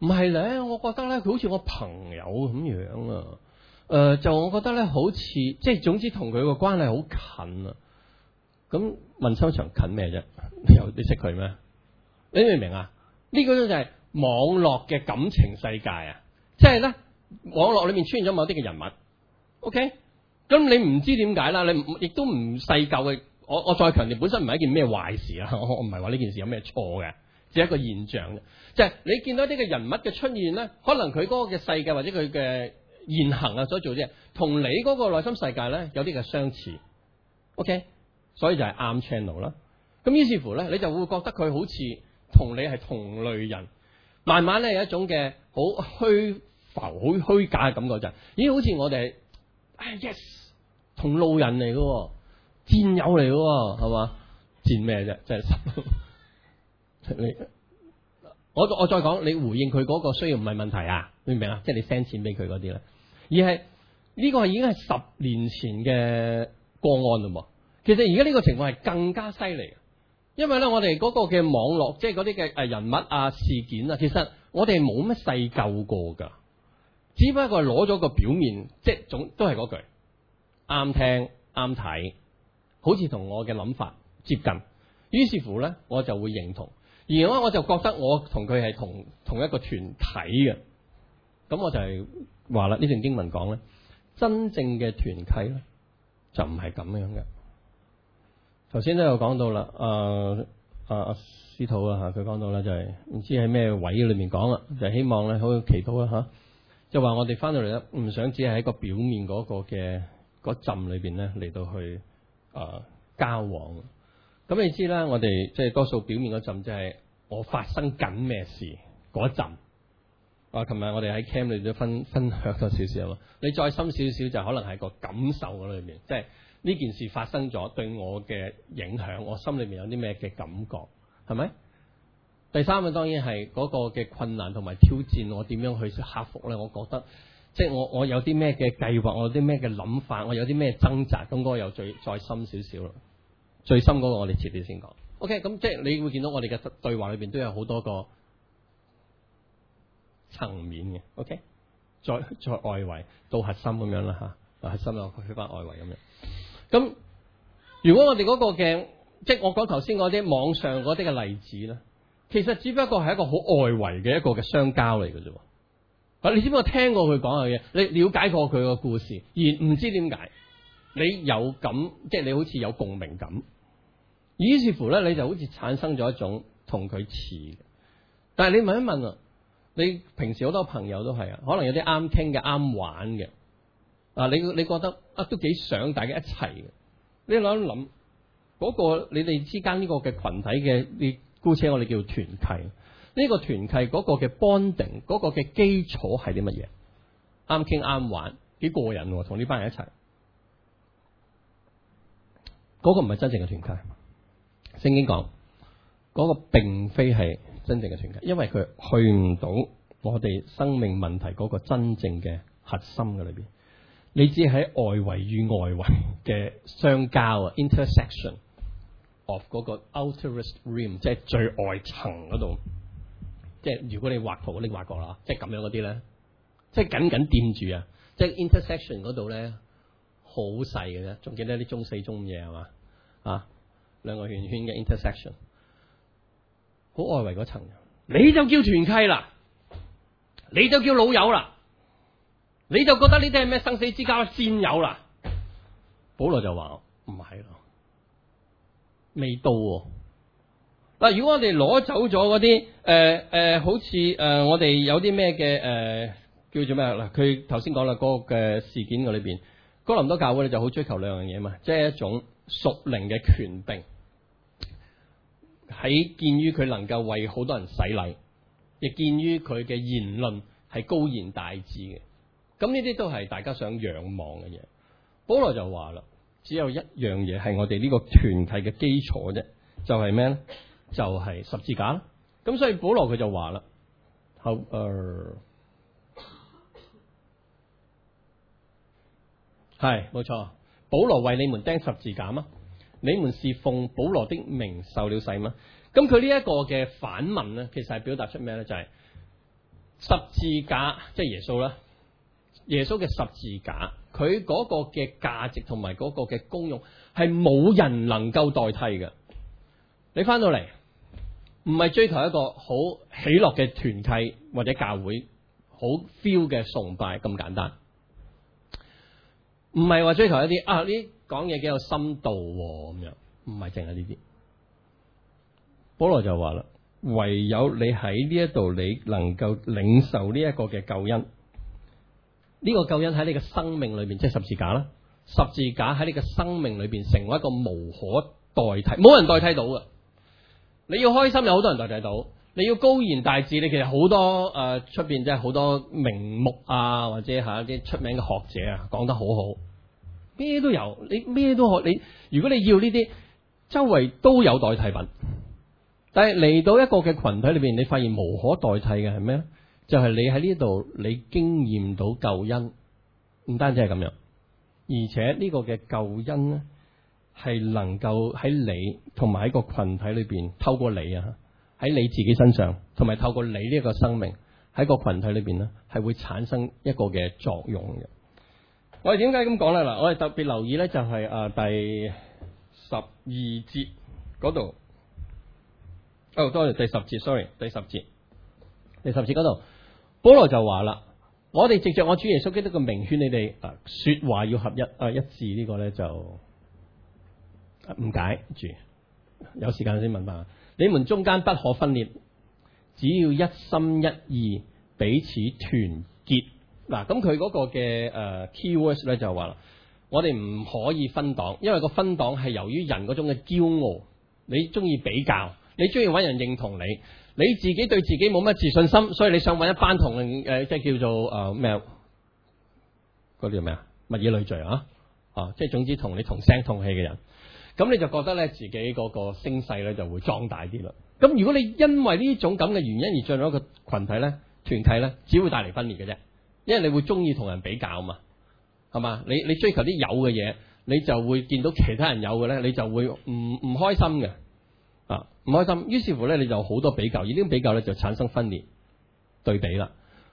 唔係咧，我覺得咧，佢好似我朋友咁樣啊。誒、呃，就我覺得咧，好似即係總之同佢個關係好近啊。咁問收場近咩啫？你又你識佢咩？你明唔明啊？呢個咧就係網絡嘅感情世界啊！即係咧，網絡裏面出現咗某啲嘅人物。OK，咁你唔知點解啦？你亦都唔細究嘅。我我再強調，本身唔係一件咩壞事啊！我我唔係話呢件事有咩錯嘅。一個現象嘅，即係你見到呢個人物嘅出現呢，可能佢嗰個嘅世界或者佢嘅言行啊、所做嘅同你嗰個內心世界呢有啲嘅相似，OK，所以就係啱 channel 啦。咁於是乎呢，你就會覺得佢好似同你係同類人，慢慢呢有一種嘅好虛浮、好虛假嘅感覺就，咦，好似我哋，yes，同路人嚟嘅，哦，戰友嚟嘅，哦，係嘛？戰咩啫？真係。你我 我再講，你回應佢嗰個需要唔係問題啊？明唔明啊？即係你 send 錢俾佢嗰啲咧，而係呢個係已經係十年前嘅個案啦。其實而家呢個情況係更加犀利，因為咧我哋嗰個嘅網絡，即係嗰啲嘅誒人物啊、事件啊，其實我哋冇乜細究過噶，只不過攞咗個表面，即係總都係嗰句啱聽啱睇，好似同我嘅諗法接近，於是乎呢，我就會認同。而我我就覺得我同佢係同同一個團體嘅，咁我就係話啦，呢段經文講咧，真正嘅團契咧就唔係咁樣嘅。頭先都有講到啦、呃，啊啊司徒啊嚇，佢講到咧就係、是、唔知喺咩位裏面講啦，就是、希望咧好以祈禱啊。吓、啊，就話我哋翻到嚟咧唔想只係喺個表面嗰個嘅嗰陣裏邊咧嚟到去啊、呃、交往。咁你知啦，我哋即係多數表面嗰陣，就係我發生緊咩事嗰陣。啊，琴日我哋喺 cam 裏都分分享咗少少啊。你再深少少，就可能係個感受嗰裏面，即係呢件事發生咗對我嘅影響，我心裏面有啲咩嘅感覺，係咪？第三個當然係嗰個嘅困難同埋挑戰，我點樣去克服呢？我覺得即係、就是、我我有啲咩嘅計劃，我有啲咩嘅諗法，我有啲咩掙扎，咁、那、嗰個又再再深少少啦。最深嗰個我哋遲啲先講。OK，咁即係你會見到我哋嘅對話裏邊都有好多個層面嘅。OK，再再外圍到核心咁樣啦嚇，啊、核心又去翻外圍咁樣。咁如果我哋嗰個鏡，即係我講頭先嗰啲網上嗰啲嘅例子咧，其實只不過係一個好外圍嘅一個嘅相交嚟嘅啫。你只不過聽過佢講嘅嘢，你了解過佢嘅故事，而唔知點解。你有感，即係你好似有共鳴感，於是乎咧，你就好似產生咗一種同佢似嘅。但係你問一問，啊，你平時好多朋友都係啊，可能有啲啱傾嘅，啱玩嘅。啊，你你覺得啊，都幾想大家一齊嘅。你諗一諗，嗰個你哋之間呢個嘅群體嘅，你姑且我哋叫團契。呢個團契個嘅 bonding，個嘅基礎係啲乜嘢？啱傾啱玩，幾過癮喎，同呢班人一齊。嗰個唔係真正嘅團契，聖經講嗰個並非係真正嘅團契，因為佢去唔到我哋生命問題嗰個真正嘅核心嘅裏邊。你只係喺外圍與外圍嘅相交啊，intersection of 嗰個 outermost rim，即係最外層嗰度，即係如果你畫圖你畫過啦，即係咁樣嗰啲咧，即係緊緊掂住啊，即係 intersection 嗰度咧。好細嘅啫，仲記得啲中四中、中五嘢係嘛啊？兩個圓圈嘅 intersection，好外圍嗰層你就叫團契啦，你就叫老友啦，你就覺得呢啲係咩生死之交嘅戰友啦。保羅就話唔係咯，未到嗱、哦。如果我哋攞走咗嗰啲誒誒，好似誒、呃，我哋有啲咩嘅誒，叫做咩啦？佢頭先講啦，嗰、嗰個嘅事件嗰裏邊。哥林多教會咧就好追求兩樣嘢嘛，即係一種屬靈嘅權柄，喺見於佢能夠為好多人洗禮，亦見於佢嘅言論係高言大智嘅。咁呢啲都係大家想仰望嘅嘢。保羅就話啦，只有一樣嘢係我哋呢個團體嘅基礎啫，就係咩咧？就係、是、十字架啦。咁所以保羅佢就話啦，好啊。呃係，冇錯。保羅為你們釘十字架嗎？你們是奉保羅的名受了洗嗎？咁佢呢一個嘅反問咧，其實係表達出咩咧？就係十字架，即係耶穌啦。耶穌嘅十字架，佢個嘅價值同埋個嘅功用，係冇人能夠代替嘅。你翻到嚟，唔係追求一個好喜樂嘅團契或者教會，好 feel 嘅崇拜咁簡單。唔係話追求一啲啊，呢講嘢幾有深度喎，哦，咁樣唔係淨係呢啲。保羅就話啦，唯有你喺呢一度，你能夠領受呢一個嘅救恩。呢個救恩喺你嘅生命裏邊，即係十字架啦。十字架喺你嘅生命裏邊，成為一個無可代替，冇人代替到嘅。你要開心，有好多人代替到。你要高言大智，你其實好多誒，出邊即係好多名目啊，或者吓啲，啊、出名嘅學者啊，講得好好，咩都有，你咩都可，你如果你要呢啲，周圍都有代替品，但係嚟到一個嘅群體裏邊，你發現無可代替嘅係咩咧？就係、是、你喺呢度，你經驗到救恩，唔單止係咁樣，而且呢個嘅救恩呢，係能夠喺你同埋喺個群體裏邊，透過你啊。喺你自己身上，同埋透過你呢一個生命喺個群體裏邊咧，係會產生一個嘅作用嘅。我哋點解咁講咧？嗱，我哋特別留意咧就係、是、啊、呃、第十二節嗰度。哦，多謝第十節，sorry，第十節，第十節嗰度，保羅就話啦：，我哋藉着我主耶穌基督嘅名勸你哋啊、呃，說話要合一啊、呃、一致個呢個咧就唔解住。有時間先問翻。你們中間不可分裂，只要一心一意，彼此團結。嗱、啊，咁佢嗰個嘅誒、uh, keywords 咧就話啦，我哋唔可以分黨，因為個分黨係由於人嗰種嘅驕傲，你中意比較，你中意搵人認同你，你自己對自己冇乜自信心，所以你想搵一班同誒即係叫做誒咩，嗰啲叫咩啊，物以類聚啊，啊，啊，即係總之同你同聲同氣嘅人。咁你就覺得咧，自己嗰個聲勢咧就會壯大啲啦。咁如果你因為呢種咁嘅原因而進入一個群體呢、團體呢，只會帶嚟分裂嘅啫，因為你會中意同人比較嘛，係嘛？你你追求啲有嘅嘢，你就會見到其他人有嘅呢，你就會唔唔開心嘅，啊唔開心。於是乎呢，你就好多比較，而呢種比較呢就產生分裂對比啦。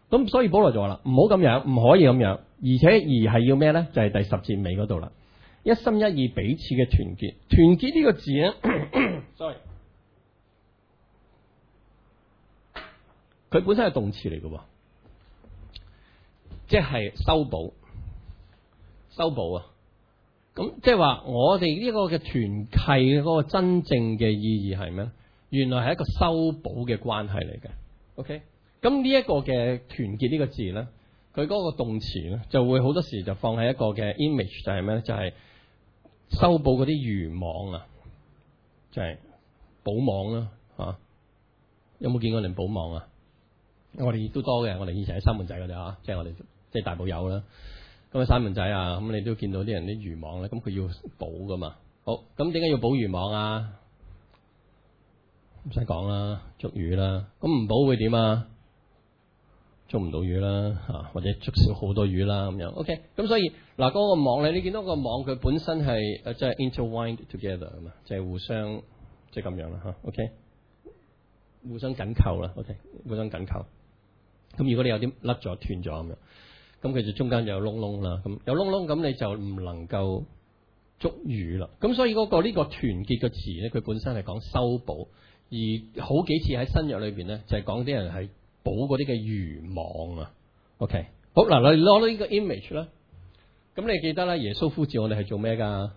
咁所以保羅就話啦，唔好咁樣，唔可以咁樣，而且而係要咩呢？就係第十節尾嗰度啦。一心一意彼此嘅團結，團結呢個字咧，sorry，佢本身係動詞嚟嘅，即係修補、修補啊。咁即係話我哋呢個嘅團契嗰個真正嘅意義係咩咧？原來係一個修補嘅關係嚟嘅。OK，咁呢，個呢一個嘅團結呢個字咧，佢嗰個動詞咧就會好多時就放喺一個嘅 image 就係咩咧？就係、是修補嗰啲漁網啊，就係、是、補網啦、啊，吓、啊、有冇見過人補網啊？我哋都多嘅，我哋以前喺三門仔嗰啲啊，即、就、係、是、我哋即係大埔友啦。咁啊，三門仔啊，咁你都見到啲人啲漁網咧、啊，咁佢要補噶嘛？好，咁點解要補漁網啊？唔使講啦，捉魚啦，咁唔補會點啊？捉唔到魚啦嚇、啊，或者捉少好多魚啦咁樣。OK，咁所以嗱嗰、那個網咧，你見到個網佢本身係即係、就是、intertwined together 咁啊，即係互相即係咁樣啦嚇。OK，互相緊扣啦。OK，互相緊扣。咁、OK? 如果你有啲甩咗斷咗咁樣，咁佢就中間就有窿窿啦。咁有窿窿咁你就唔能夠捉魚啦。咁所以嗰、那個呢、這個團結嘅詞咧，佢本身係講修補。而好幾次喺新約裏邊咧，就係講啲人喺補嗰啲嘅漁網啊。OK，好嗱，你攞到呢個 image 啦。咁你記得啦，耶穌呼召我哋係做咩噶？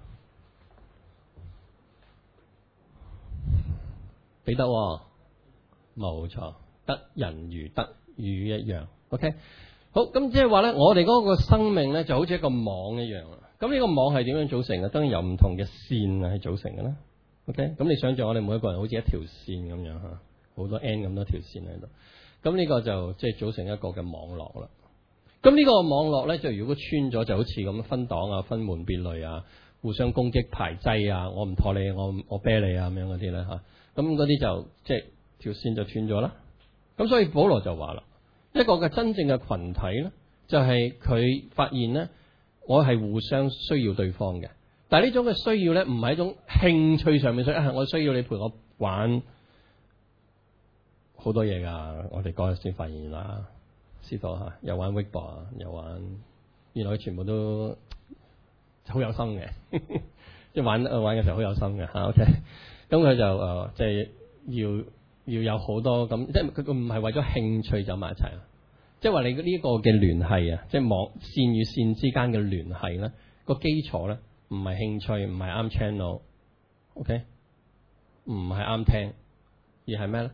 彼得，哦，冇錯，得人如得魚一樣。OK，好咁，即係話咧，我哋嗰個生命咧就好似一個網一樣。咁呢個網係點樣組成啊？當然由唔同嘅線啊，係組成嘅啦。OK，咁你想象我哋每一個人好似一條線咁樣吓，好多 N 咁多條線喺度。咁呢個就即係組成一個嘅網絡啦。咁呢個網絡呢，就如果穿咗，就好似咁分黨啊、分門別類啊、互相攻擊排擠啊，我唔妥你，我我啤你啊咁樣嗰啲咧吓。咁嗰啲就即係條線就穿咗啦。咁所以保羅就話啦，一個嘅真正嘅群體呢，就係佢發現呢，我係互相需要對方嘅。但係呢種嘅需要呢，唔係一種興趣上面需要，我需要你陪我玩。好多嘢噶，我哋嗰日先發現啦。師徒嚇又玩微博，ball, 又玩，原來佢全部都好有心嘅、 呃啊 okay? 呃就是。即係玩啊玩嘅時候好有心嘅。吓 OK 咁佢就誒即係要要有好多咁，即係佢佢唔係為咗興趣走埋一齊啊，即係話你呢一個嘅聯繫啊，即係網線與線之間嘅聯繫咧，個基礎咧唔係興趣，唔係啱 channel，OK，、okay? 唔係啱聽，而係咩咧？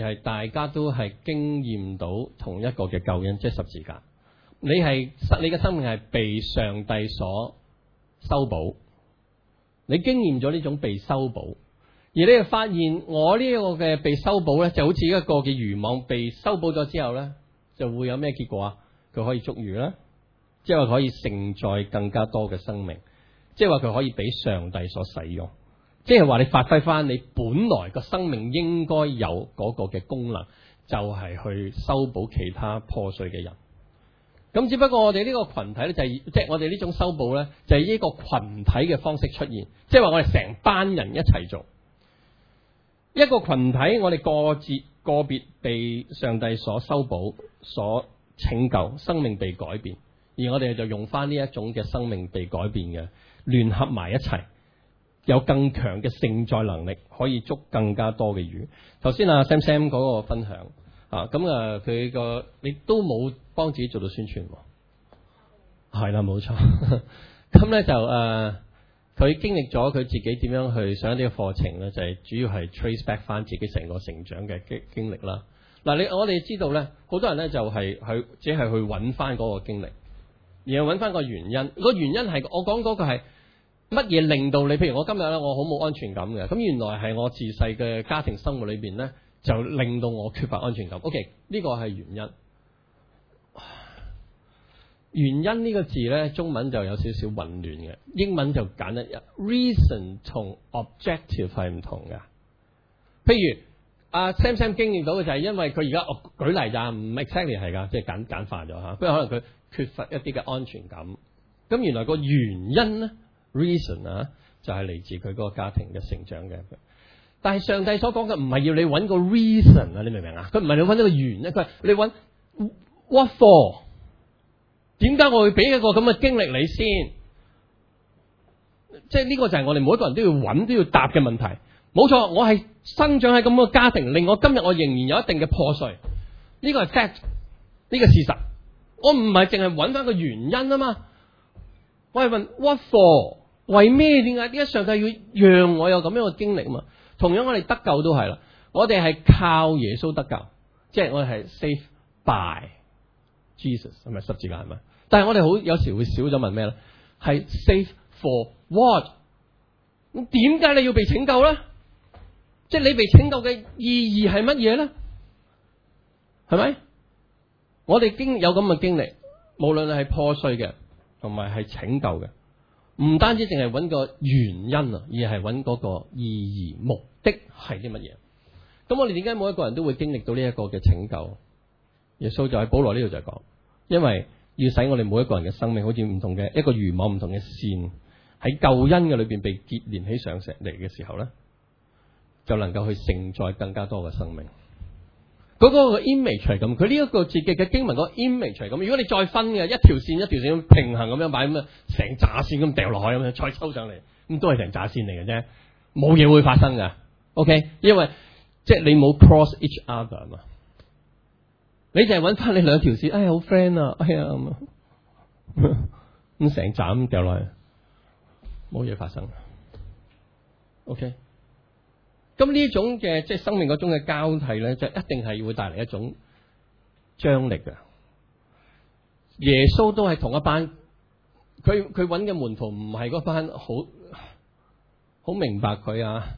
而係大家都係經驗到同一個嘅救恩，即係十字架。你係你嘅生命係被上帝所修補，你經驗咗呢種被修補，而你又發現我呢個嘅被修補呢，就好似一個嘅漁網被修補咗之後呢，就會有咩結果啊？佢可以捉魚啦，即係話可以承載更加多嘅生命，即係話佢可以俾上帝所使用。即係話你發揮翻你本來個生命應該有嗰個嘅功能，就係、是、去修補其他破碎嘅人。咁只不過我哋呢個群體呢、就是，就係即係我哋呢種修補呢——就係、是、呢個群體嘅方式出現。即係話我哋成班人一齊做一個群體，我哋各自個別被上帝所修補、所拯救，生命被改變，而我哋就用翻呢一種嘅生命被改變嘅聯合埋一齊。有更強嘅承載能力，可以捉更加多嘅魚。頭先阿 Sam Sam 嗰個分享啊，咁啊，佢、個你都冇幫自己做到宣傳，係啦，冇 錯樂。咁咧 就誒，佢、啊、經歷咗佢自己點樣去上呢個課程咧，就係、是、主要係 trace back 翻自己成個成長嘅經經歷啦。嗱、啊，你我哋知道咧，好多人咧就係、是、去只係去揾翻嗰個經歷，然後揾翻個原因。個原因係我講嗰個係。乜嘢令到你？譬如我今日咧，我好冇安全感嘅。咁原來係我自細嘅家庭生活裏邊咧，就令到我缺乏安全感。OK，呢個係原因。原因呢個字咧，中文就有少少混亂嘅，英文就簡單一，reason Object 同 objective 係唔同嘅，譬如阿、啊、Sam Sam 經歷到嘅就係因為佢而家，我舉例咋，唔 exactly 係㗎，即係簡簡化咗吓，不如可能佢缺乏一啲嘅安全感。咁原來個原因咧？reason 啊，就係嚟自佢個家庭嘅成長嘅。但係上帝所講嘅唔係要你搵個 reason 啊，你明唔明啊？佢唔係你搵一個原因，佢係你搵 what for？點解我會俾一個咁嘅經歷你先？即係呢個就係我哋每一個人都要搵，都要答嘅問題。冇錯，我係生長喺咁嘅家庭，令我今日我仍然有一定嘅破碎。呢個係 fact，呢個事實。我唔係淨係搵翻個原因啊嘛，我係問 what for？為咩點解？呢一上帝要讓我有咁樣嘅經歷啊嘛，同樣我哋得救都係啦，我哋係靠耶穌得救，即係我哋係 safe by Jesus 係咪十字架係咪？但係我哋好有時會少咗問咩咧？係 safe for what？咁點解你要被拯救咧？即係你被拯救嘅意義係乜嘢咧？係咪？我哋經有咁嘅經歷，無論係破碎嘅，同埋係拯救嘅。唔單止淨係揾個原因啊，而係揾個意義目的係啲乜嘢？咁我哋點解每一個人都會經歷到呢一個嘅拯救？耶穌就喺保羅呢度就講，因為要使我哋每一個人嘅生命好似唔同嘅一個漁網，唔同嘅線，喺救恩嘅裏邊被結連起上石嚟嘅時候咧，就能夠去承載更加多嘅生命。嗰個 image 係咁，佢呢一個設計嘅經文個 image 係咁。如果你再分嘅一條線一條線咁平衡咁樣擺咁樣，成炸線咁掉落去咁樣再抽上嚟，咁都係成炸線嚟嘅啫，冇嘢會發生㗎。OK，因為即係你冇 cross each other 嘛，你淨係揾翻你兩條線。哎呀好 friend 啊，哎呀咁啊，咁成扎咁掉落去，冇嘢發生。OK。咁呢種嘅即係生命嗰種嘅交替咧，就一定係會帶嚟一種張力嘅。耶穌都係同一班，佢佢揾嘅門徒唔係嗰班好好明白佢啊，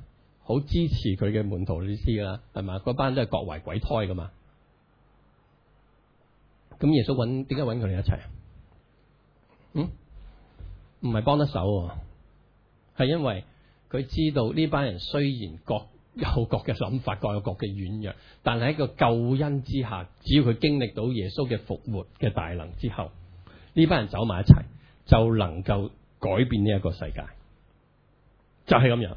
好支持佢嘅門徒呢啲啦，係嘛？嗰班都係各懷鬼胎噶嘛。咁耶穌揾點解揾佢哋一齊？嗯，唔係幫得手，啊，係因為佢知道呢班人雖然各。有各嘅諗法，各有各嘅軟弱。但係喺個救恩之下，只要佢經歷到耶穌嘅復活嘅大能之後，呢班人走埋一齊，就能夠改變呢一個世界。就係、是、咁樣。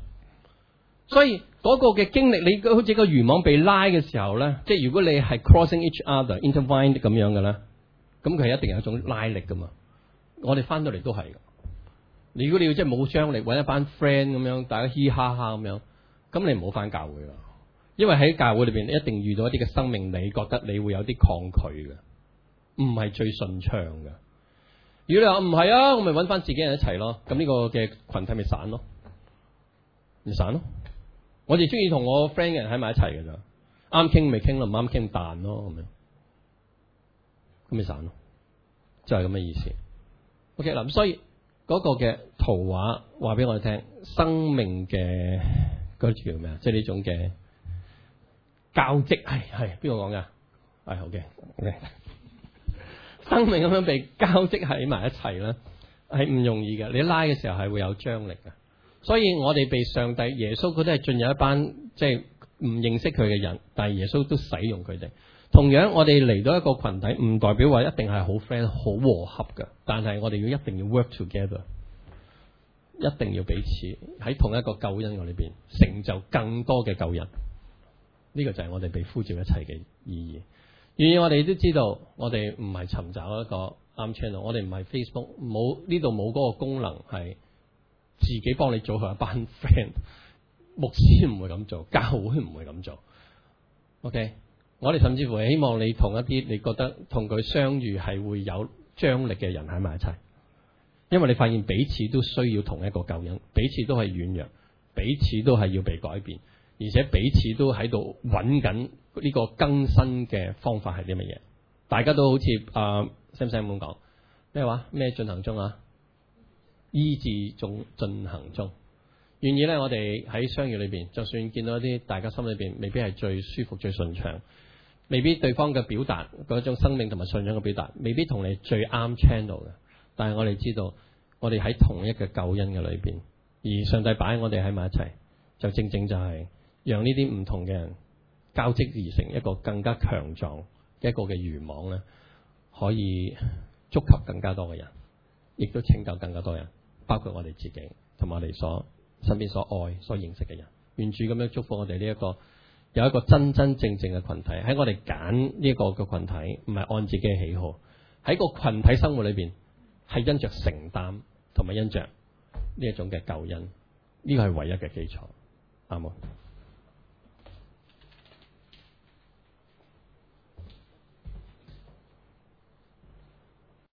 所以、嗰個嘅經歷，你好似個漁網被拉嘅時候咧，即係如果你係 crossing each other, intertwine 咁樣嘅咧，咁佢一定有一種拉力噶嘛。我哋翻到嚟都係。如果你要即係冇張力，揾一班 friend 咁樣，大家嘻嘻哈哈咁樣。咁你唔好翻教會啦，因為喺教會裏邊你一定遇到一啲嘅生命，你覺得你會有啲抗拒嘅，唔係最順暢嘅。如果你話唔係啊，我咪搵翻自己人一齊咯。咁呢個嘅群體咪散咯，咪散咯。我哋中意同我 friend 嘅人喺埋一齊嘅咋，啱傾咪傾咯，唔啱傾彈咯咁樣，咁咪散咯，就係咁嘅意思。OK 嗱，咁所以嗰個嘅圖畫話俾我哋聽，生命嘅。嗰條咩啊？即係呢種嘅交織係係邊個講㗎？係好嘅，好、哎、嘅，哎、okay, okay. 生命咁樣被交織喺埋一齊啦，係唔容易嘅。你拉嘅時候係會有張力嘅，所以我哋被上帝耶穌嗰啲係進入一班即係唔認識佢嘅人，但係耶穌都使用佢哋。同樣，我哋嚟到一個群體，唔代表話一定係好 friend、好和合嘅，但係我哋要一定要 work together。一定要彼此喺同一個救恩我裏邊成就更多嘅救人，呢、這個就係我哋被呼召一切嘅意義。而我哋都知道，我哋唔係尋找一個啱 channel，我哋唔係 Facebook，冇呢度冇個功能係自己幫你組合一班 friend。牧師唔會咁做，教會唔會咁做。OK，我哋甚至乎係希望你同一啲你覺得同佢相遇係會有張力嘅人喺埋一齊。因為你發現彼此都需要同一個救恩，彼此都係軟弱，彼此都係要被改變，而且彼此都喺度揾緊呢個更新嘅方法係啲乜嘢？大家都好似啊，simsim 咁講咩話？咩、呃、進行中啊？醫治中進行中。願意咧，我哋喺商議裏邊，就算見到一啲大家心裏邊未必係最舒服、最順暢，未必對方嘅表達，嗰種生命同埋信仰嘅表達，未必同你最啱 channel 嘅。但係我哋知道，我哋喺同一個救恩嘅裏邊，而上帝擺我哋喺埋一齊，就正正就係讓呢啲唔同嘅人交織而成一個更加強壯一個嘅漁網咧，可以觸及更加多嘅人，亦都拯救更加多人，包括我哋自己同埋我哋所身邊所愛所認識嘅人，願主咁樣祝福我哋呢一個有一個真真正正嘅群體，喺我哋揀呢一個嘅群體，唔係按自己嘅喜好，喺個群體生活裏邊。係因着承擔，同埋因着呢一種嘅救恩，呢個係唯一嘅基礎，啱冇？